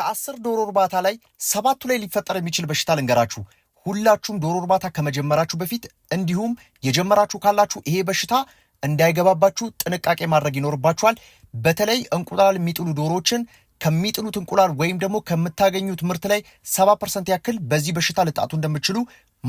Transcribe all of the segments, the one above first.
ከአስር ዶሮ እርባታ ላይ ሰባቱ ላይ ሊፈጠር የሚችል በሽታ ልንገራችሁ። ሁላችሁም ዶሮ እርባታ ከመጀመራችሁ በፊት እንዲሁም የጀመራችሁ ካላችሁ ይሄ በሽታ እንዳይገባባችሁ ጥንቃቄ ማድረግ ይኖርባችኋል። በተለይ እንቁላል የሚጥሉ ዶሮዎችን ከሚጥሉት እንቁላል ወይም ደግሞ ከምታገኙት ምርት ላይ ሰባ ፐርሰንት ያክል በዚህ በሽታ ልጣቱ እንደምችሉ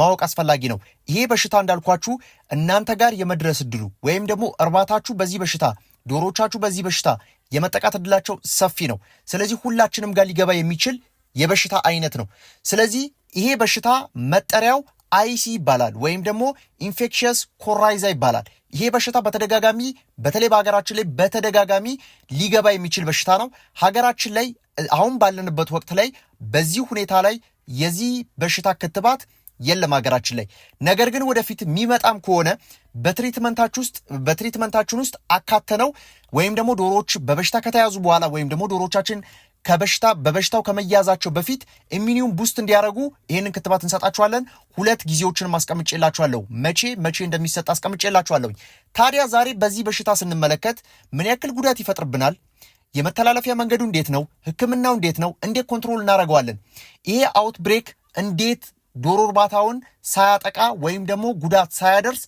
ማወቅ አስፈላጊ ነው። ይሄ በሽታ እንዳልኳችሁ እናንተ ጋር የመድረስ እድሉ ወይም ደግሞ እርባታችሁ በዚህ በሽታ ዶሮቻችሁ በዚህ በሽታ የመጠቃት እድላቸው ሰፊ ነው። ስለዚህ ሁላችንም ጋር ሊገባ የሚችል የበሽታ አይነት ነው። ስለዚህ ይሄ በሽታ መጠሪያው አይሲ ይባላል ወይም ደግሞ ኢንፌክሽየስ ኮራይዛ ይባላል። ይሄ በሽታ በተደጋጋሚ በተለይ በሀገራችን ላይ በተደጋጋሚ ሊገባ የሚችል በሽታ ነው። ሀገራችን ላይ አሁን ባለንበት ወቅት ላይ በዚህ ሁኔታ ላይ የዚህ በሽታ ክትባት የለም ሀገራችን ላይ። ነገር ግን ወደፊት የሚመጣም ከሆነ በትሪትመንታችሁ ውስጥ በትሪትመንታችን ውስጥ አካተነው ወይም ደግሞ ዶሮዎች በበሽታ ከተያዙ በኋላ ወይም ደግሞ ዶሮዎቻችን ከበሽታ በበሽታው ከመያዛቸው በፊት ኢሚኒውም ቡስት እንዲያደርጉ ይህንን ክትባት እንሰጣችኋለን። ሁለት ጊዜዎችንም አስቀምጬላችኋለሁ። መቼ መቼ እንደሚሰጥ አስቀምጬላችኋለሁኝ። ታዲያ ዛሬ በዚህ በሽታ ስንመለከት ምን ያክል ጉዳት ይፈጥርብናል? የመተላለፊያ መንገዱ እንዴት ነው? ህክምናው እንዴት ነው? እንዴት ኮንትሮል እናደርገዋለን? ይሄ አውት ብሬክ እንዴት ዶሮ እርባታውን ሳያጠቃ ወይም ደግሞ ጉዳት ሳያደርስ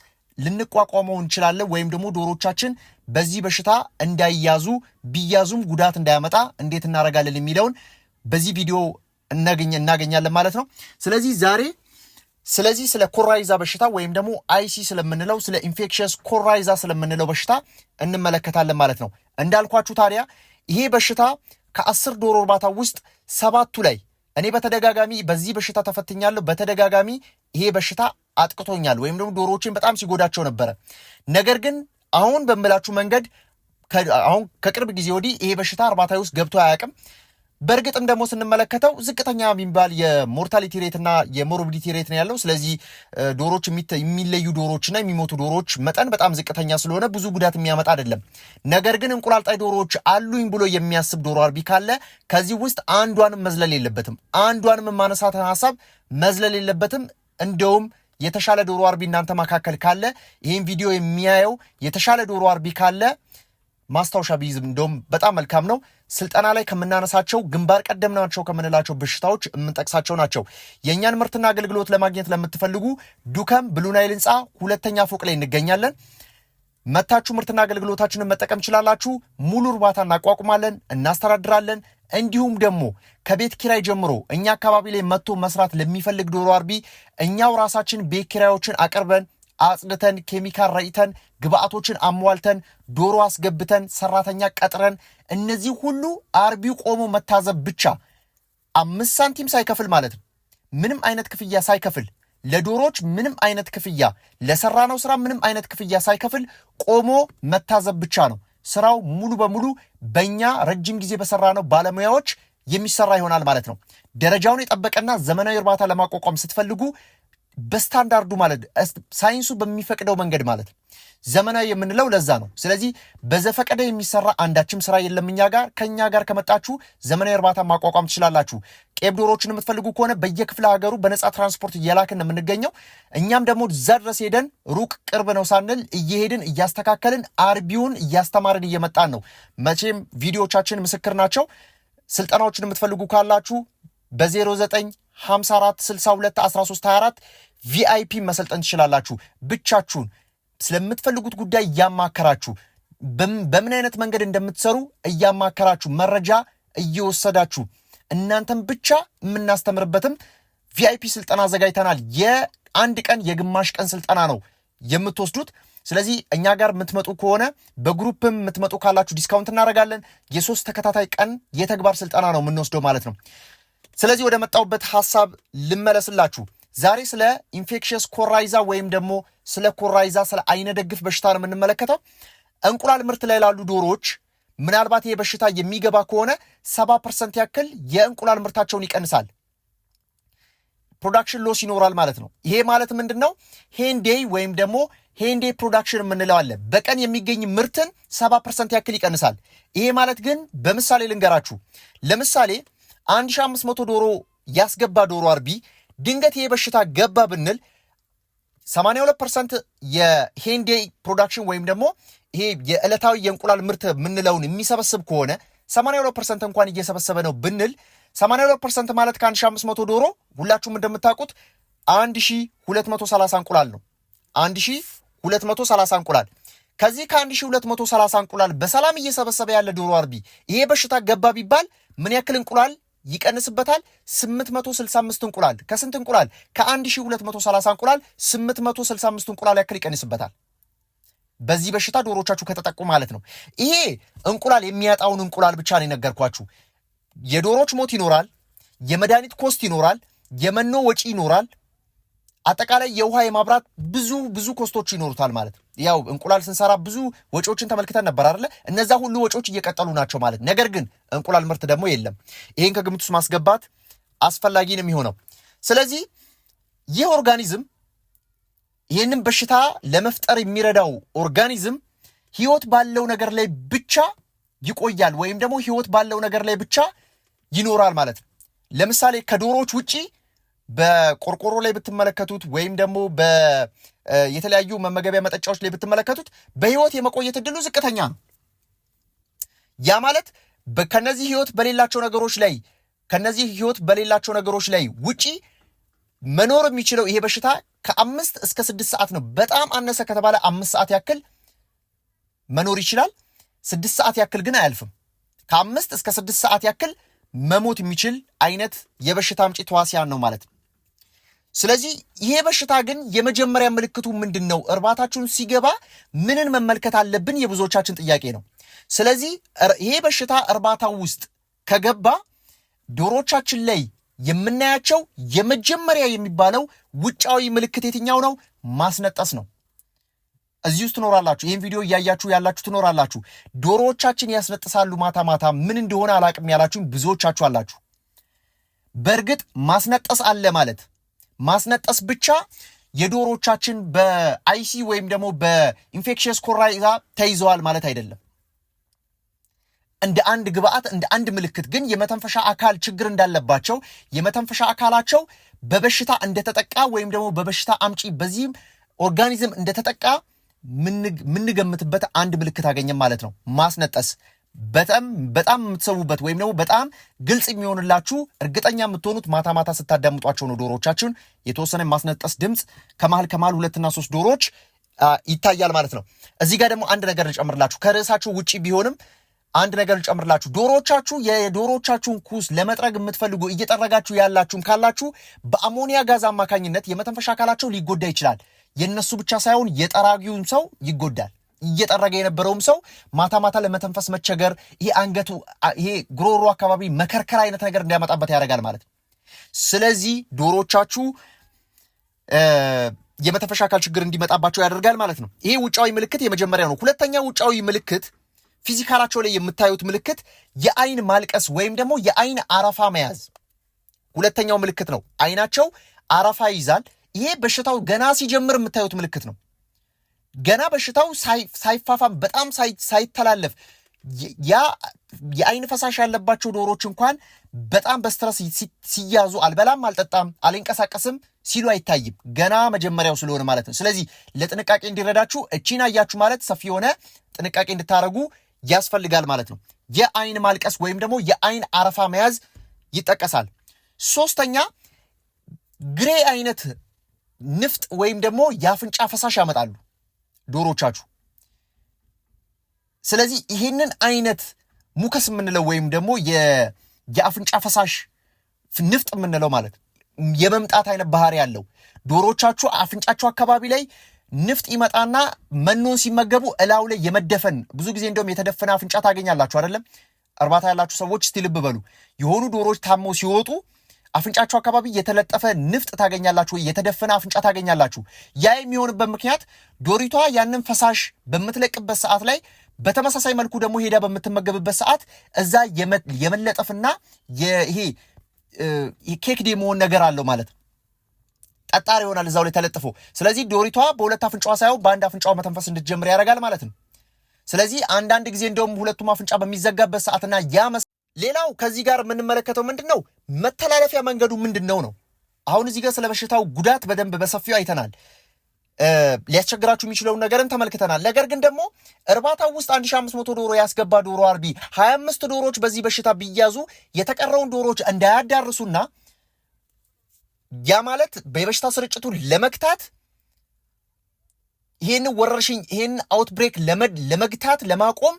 ልንቋቋመው እንችላለን ወይም ደግሞ ዶሮቻችን በዚህ በሽታ እንዳይያዙ ቢያዙም ጉዳት እንዳያመጣ እንዴት እናደርጋለን የሚለውን በዚህ ቪዲዮ እናገኛለን ማለት ነው። ስለዚህ ዛሬ ስለዚህ ስለ ኮራይዛ በሽታ ወይም ደግሞ አይሲ ስለምንለው ስለ ኢንፌክሽስ ኮራይዛ ስለምንለው በሽታ እንመለከታለን ማለት ነው። እንዳልኳችሁ ታዲያ ይሄ በሽታ ከአስር ዶሮ እርባታ ውስጥ ሰባቱ ላይ እኔ በተደጋጋሚ በዚህ በሽታ ተፈትኛለሁ። በተደጋጋሚ ይሄ በሽታ አጥቅቶኛል ወይም ደግሞ ዶሮዎችን በጣም ሲጎዳቸው ነበረ። ነገር ግን አሁን በምላችሁ መንገድ አሁን ከቅርብ ጊዜ ወዲህ ይሄ በሽታ አርባታዊ ውስጥ ገብቶ አያውቅም። በእርግጥም ደግሞ ስንመለከተው ዝቅተኛ የሚባል የሞርታሊቲ ሬትና የሞርቢዲቲ ሬት ነው ያለው። ስለዚህ ዶሮች የሚለዩ ዶሮችና የሚሞቱ ዶሮች መጠን በጣም ዝቅተኛ ስለሆነ ብዙ ጉዳት የሚያመጣ አይደለም። ነገር ግን እንቁላልጣይ ዶሮዎች አሉኝ ብሎ የሚያስብ ዶሮ አርቢ ካለ ከዚህ ውስጥ አንዷንም መዝለል የለበትም። አንዷንም የማነሳትን ሀሳብ መዝለል የለበትም። እንደውም የተሻለ ዶሮ አርቢ እናንተ መካከል ካለ ይህን ቪዲዮ የሚያየው የተሻለ ዶሮ አርቢ ካለ ማስታወሻ ቢይዝ እንደውም በጣም መልካም ነው። ስልጠና ላይ ከምናነሳቸው ግንባር ቀደም ናቸው ከምንላቸው በሽታዎች የምንጠቅሳቸው ናቸው። የእኛን ምርትና አገልግሎት ለማግኘት ለምትፈልጉ ዱከም ብሉናይል ህንፃ ሁለተኛ ፎቅ ላይ እንገኛለን። መታችሁ ምርትና አገልግሎታችንን መጠቀም ይችላላችሁ። ሙሉ እርባታ እናቋቁማለን፣ እናስተዳድራለን። እንዲሁም ደግሞ ከቤት ኪራይ ጀምሮ እኛ አካባቢ ላይ መጥቶ መስራት ለሚፈልግ ዶሮ አርቢ እኛው ራሳችን ቤት ኪራዮችን አቅርበን አጽድተን ኬሚካል ረጭተን ግብአቶችን አሟልተን ዶሮ አስገብተን ሰራተኛ ቀጥረን እነዚህ ሁሉ አርቢው ቆሞ መታዘብ ብቻ አምስት ሳንቲም ሳይከፍል ማለት ነው። ምንም አይነት ክፍያ ሳይከፍል ለዶሮች ምንም አይነት ክፍያ ለሰራነው ስራ ምንም አይነት ክፍያ ሳይከፍል ቆሞ መታዘብ ብቻ ነው። ስራው ሙሉ በሙሉ በእኛ ረጅም ጊዜ በሰራነው ባለሙያዎች የሚሰራ ይሆናል ማለት ነው። ደረጃውን የጠበቀና ዘመናዊ እርባታ ለማቋቋም ስትፈልጉ በስታንዳርዱ ማለት ሳይንሱ በሚፈቅደው መንገድ ማለት ዘመናዊ የምንለው ለዛ ነው። ስለዚህ በዘፈቀደ የሚሰራ አንዳችም ስራ የለም እኛ ጋር። ከእኛ ጋር ከመጣችሁ ዘመናዊ እርባታ ማቋቋም ትችላላችሁ። ቄብ ዶሮዎችን የምትፈልጉ ከሆነ በየክፍለ ሀገሩ በነፃ ትራንስፖርት እየላክን ነው የምንገኘው። እኛም ደግሞ እዛ ድረስ ሄደን ሩቅ ቅርብ ነው ሳንል እየሄድን እያስተካከልን አርቢውን እያስተማርን እየመጣን ነው። መቼም ቪዲዮቻችን ምስክር ናቸው። ስልጠናዎችን የምትፈልጉ ካላችሁ በ09 54 62 13 24 ቪአይፒ መሰልጠን ትችላላችሁ። ብቻችሁን ስለምትፈልጉት ጉዳይ እያማከራችሁ በምን አይነት መንገድ እንደምትሰሩ እያማከራችሁ መረጃ እየወሰዳችሁ እናንተም ብቻ የምናስተምርበትም ቪአይፒ ስልጠና አዘጋጅተናል። የአንድ ቀን የግማሽ ቀን ስልጠና ነው የምትወስዱት። ስለዚህ እኛ ጋር የምትመጡ ከሆነ በግሩፕም የምትመጡ ካላችሁ ዲስካውንት እናደርጋለን። የሶስት ተከታታይ ቀን የተግባር ስልጠና ነው የምንወስደው ማለት ነው። ስለዚህ ወደ መጣሁበት ሀሳብ ልመለስላችሁ። ዛሬ ስለ ኢንፌክሽየስ ኮራይዛ ወይም ደግሞ ስለ ኮራይዛ ስለ አይነ ደግፍ በሽታ ነው የምንመለከተው። እንቁላል ምርት ላይ ላሉ ዶሮዎች ምናልባት ይሄ በሽታ የሚገባ ከሆነ ሰባ ፐርሰንት ያክል የእንቁላል ምርታቸውን ይቀንሳል። ፕሮዳክሽን ሎስ ይኖራል ማለት ነው። ይሄ ማለት ምንድን ነው? ሄንዴይ ወይም ደግሞ ሄንዴ ፕሮዳክሽን የምንለው አለ። በቀን የሚገኝ ምርትን ሰባ ፐርሰንት ያክል ይቀንሳል። ይሄ ማለት ግን በምሳሌ ልንገራችሁ። ለምሳሌ መቶ ዶሮ ያስገባ ዶሮ አርቢ ድንገት ይሄ በሽታ ገባ ብንል 82 ፐርሰንት የሄንዴ ፕሮዳክሽን ወይም ደግሞ ይሄ የዕለታዊ የእንቁላል ምርት የምንለውን የሚሰበስብ ከሆነ 82 ፐርሰንት እንኳን እየሰበሰበ ነው ብንል 82 ፐርሰንት ማለት ከ1500 ዶሮ ሁላችሁም እንደምታውቁት 1230 እንቁላል ነው። 1230 እንቁላል ከዚህ ከ1230 እንቁላል በሰላም እየሰበሰበ ያለ ዶሮ አርቢ ይሄ በሽታ ገባ ቢባል ምን ያክል እንቁላል ይቀንስበታል። 865 እንቁላል ከስንት እንቁላል? ከ1230 እንቁላል 865 እንቁላል ያክል ይቀንስበታል። በዚህ በሽታ ዶሮቻችሁ ከተጠቁ ማለት ነው። ይሄ እንቁላል የሚያጣውን እንቁላል ብቻ ነው የነገርኳችሁ። የዶሮች ሞት ይኖራል፣ የመድኃኒት ኮስት ይኖራል፣ የመኖ ወጪ ይኖራል። አጠቃላይ የውሃ የማብራት ብዙ ብዙ ኮስቶች ይኖሩታል ማለት ነው። ያው እንቁላል ስንሰራ ብዙ ወጪዎችን ተመልክተን ነበር አይደለ? እነዛ ሁሉ ወጪዎች እየቀጠሉ ናቸው ማለት ነገር ግን እንቁላል ምርት ደግሞ የለም። ይህን ከግምት ውስጥ ማስገባት አስፈላጊ ነው የሚሆነው። ስለዚህ ይህ ኦርጋኒዝም ይህንን በሽታ ለመፍጠር የሚረዳው ኦርጋኒዝም ህይወት ባለው ነገር ላይ ብቻ ይቆያል ወይም ደግሞ ህይወት ባለው ነገር ላይ ብቻ ይኖራል ማለት ነው። ለምሳሌ ከዶሮዎች ውጪ በቆርቆሮ ላይ ብትመለከቱት ወይም ደግሞ የተለያዩ መመገቢያ መጠጫዎች ላይ ብትመለከቱት በህይወት የመቆየት እድሉ ዝቅተኛ ነው። ያ ማለት ከነዚህ ህይወት በሌላቸው ነገሮች ላይ ከነዚህ ህይወት በሌላቸው ነገሮች ላይ ውጪ መኖር የሚችለው ይሄ በሽታ ከአምስት እስከ ስድስት ሰዓት ነው። በጣም አነሰ ከተባለ አምስት ሰዓት ያክል መኖር ይችላል። ስድስት ሰዓት ያክል ግን አያልፍም። ከአምስት እስከ ስድስት ሰዓት ያክል መሞት የሚችል አይነት የበሽታ አምጪ ተዋሲያን ነው ማለት ነው። ስለዚህ ይሄ በሽታ ግን የመጀመሪያ ምልክቱ ምንድን ነው? እርባታችሁን ሲገባ ምንን መመልከት አለብን? የብዙዎቻችን ጥያቄ ነው። ስለዚህ ይሄ በሽታ እርባታ ውስጥ ከገባ ዶሮቻችን ላይ የምናያቸው የመጀመሪያ የሚባለው ውጫዊ ምልክት የትኛው ነው? ማስነጠስ ነው። እዚህ ውስጥ ትኖራላችሁ። ይህን ቪዲዮ እያያችሁ ያላችሁ ትኖራላችሁ። ዶሮዎቻችን ያስነጥሳሉ ማታ ማታ። ምን እንደሆነ አላቅም ያላችሁ ብዙዎቻችሁ አላችሁ። በእርግጥ ማስነጠስ አለ ማለት ማስነጠስ ብቻ የዶሮቻችን በአይሲ ወይም ደግሞ በኢንፌክሽየስ ኮራይዛ ተይዘዋል ማለት አይደለም። እንደ አንድ ግብአት እንደ አንድ ምልክት ግን የመተንፈሻ አካል ችግር እንዳለባቸው የመተንፈሻ አካላቸው በበሽታ እንደተጠቃ ወይም ደግሞ በበሽታ አምጪ በዚህም ኦርጋኒዝም እንደተጠቃ ምንገምትበት አንድ ምልክት አገኘም ማለት ነው ማስነጠስ በጣም በጣም የምትሰሙበት ወይም ደግሞ በጣም ግልጽ የሚሆንላችሁ እርግጠኛ የምትሆኑት ማታ ማታ ስታዳምጧቸው ነው። ዶሮዎቻችን የተወሰነ ማስነጠስ ድምፅ ከመሀል ከመሀል ሁለትና ሶስት ዶሮዎች ይታያል ማለት ነው። እዚህ ጋር ደግሞ አንድ ነገር ልጨምርላችሁ፣ ከርዕሳችሁ ውጪ ቢሆንም አንድ ነገር ልጨምርላችሁ። ዶሮዎቻችሁ የዶሮዎቻችሁን ኩስ ለመጥረግ የምትፈልጉ እየጠረጋችሁ ያላችሁም ካላችሁ በአሞኒያ ጋዝ አማካኝነት የመተንፈሻ አካላቸው ሊጎዳ ይችላል። የእነሱ ብቻ ሳይሆን የጠራጊውን ሰው ይጎዳል። እየጠረገ የነበረውም ሰው ማታ ማታ ለመተንፈስ መቸገር፣ ይሄ አንገቱ ይሄ ጉሮሮ አካባቢ መከርከር አይነት ነገር እንዲያመጣበት ያደርጋል ማለት ነው። ስለዚህ ዶሮቻችሁ የመተንፈሻ አካል ችግር እንዲመጣባቸው ያደርጋል ማለት ነው። ይሄ ውጫዊ ምልክት የመጀመሪያ ነው። ሁለተኛ ውጫዊ ምልክት ፊዚካላቸው ላይ የምታዩት ምልክት የአይን ማልቀስ ወይም ደግሞ የአይን አረፋ መያዝ ሁለተኛው ምልክት ነው። አይናቸው አረፋ ይይዛል። ይሄ በሽታው ገና ሲጀምር የምታዩት ምልክት ነው። ገና በሽታው ሳይፋፋም በጣም ሳይተላለፍ ያ የአይን ፈሳሽ ያለባቸው ዶሮዎች እንኳን በጣም በስትረስ ሲያዙ አልበላም፣ አልጠጣም፣ አልንቀሳቀስም ሲሉ አይታይም። ገና መጀመሪያው ስለሆነ ማለት ነው። ስለዚህ ለጥንቃቄ እንዲረዳችሁ እቺን አያችሁ ማለት ሰፊ የሆነ ጥንቃቄ እንድታደረጉ ያስፈልጋል ማለት ነው። የአይን ማልቀስ ወይም ደግሞ የአይን አረፋ መያዝ ይጠቀሳል። ሶስተኛ ግሬ አይነት ንፍጥ ወይም ደግሞ የአፍንጫ ፈሳሽ ያመጣሉ። ዶሮቻችሁ። ስለዚህ ይሄንን አይነት ሙከስ የምንለው ወይም ደግሞ የአፍንጫ ፈሳሽ ንፍጥ የምንለው ማለት የመምጣት አይነት ባህሪ ያለው ዶሮቻችሁ አፍንጫችሁ አካባቢ ላይ ንፍጥ ይመጣና መኖን ሲመገቡ እላው ላይ የመደፈን ብዙ ጊዜ እንደውም የተደፈነ አፍንጫ ታገኛላችሁ አይደለም? እርባታ ያላችሁ ሰዎች እስቲ ልብ በሉ። የሆኑ ዶሮዎች ታመው ሲወጡ አፍንጫችሁ አካባቢ የተለጠፈ ንፍጥ ታገኛላችሁ ወይ የተደፈነ አፍንጫ ታገኛላችሁ። ያ የሚሆንበት ምክንያት ዶሪቷ ያንን ፈሳሽ በምትለቅበት ሰዓት ላይ በተመሳሳይ መልኩ ደግሞ ሄዳ በምትመገብበት ሰዓት እዛ የመለጠፍና ይሄ ኬክድ የመሆን ነገር አለው ማለት ጠጣር ይሆናል እዛው ላይ ተለጥፎ። ስለዚህ ዶሪቷ በሁለት አፍንጫዋ ሳይሆን በአንድ አፍንጫዋ መተንፈስ እንድትጀምር ያደርጋል ማለት ነው። ስለዚህ አንዳንድ ጊዜ እንደውም ሁለቱም አፍንጫ በሚዘጋበት ሰዓትና ያ ሌላው ከዚህ ጋር የምንመለከተው ምንድን ነው? መተላለፊያ መንገዱ ምንድን ነው ነው። አሁን እዚህ ጋር ስለ በሽታው ጉዳት በደንብ በሰፊው አይተናል። ሊያስቸግራችሁ የሚችለውን ነገርን ተመልክተናል። ነገር ግን ደግሞ እርባታው ውስጥ 1500 ዶሮ ያስገባ ዶሮ አርቢ 25 ዶሮዎች በዚህ በሽታ ቢያዙ የተቀረውን ዶሮዎች እንዳያዳርሱና ያ ማለት በበሽታ ስርጭቱ ለመግታት ይህን ወረርሽኝ ይህን አውትብሬክ ለመግታት ለማቆም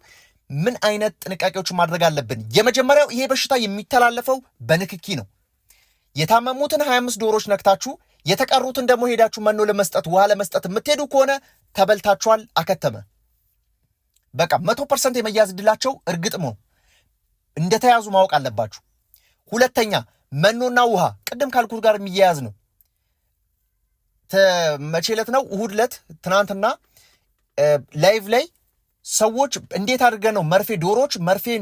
ምን አይነት ጥንቃቄዎችን ማድረግ አለብን? የመጀመሪያው ይሄ በሽታ የሚተላለፈው በንክኪ ነው። የታመሙትን 25 ዶሮች ነክታችሁ የተቀሩትን ደግሞ ሄዳችሁ መኖ ለመስጠት ውሃ ለመስጠት የምትሄዱ ከሆነ ተበልታችኋል። አከተመ። በቃ መቶ ፐርሰንት የመያዝ እድላቸው እርግጥ ነው። እንደተያዙ ማወቅ አለባችሁ። ሁለተኛ መኖና ውሃ ቅድም ካልኩት ጋር የሚያያዝ ነው። መቼ ዕለት ነው? እሁድ ዕለት ትናንትና ላይቭ ላይ ሰዎች እንዴት አድርገ ነው መርፌ ዶሮዎች መርፌን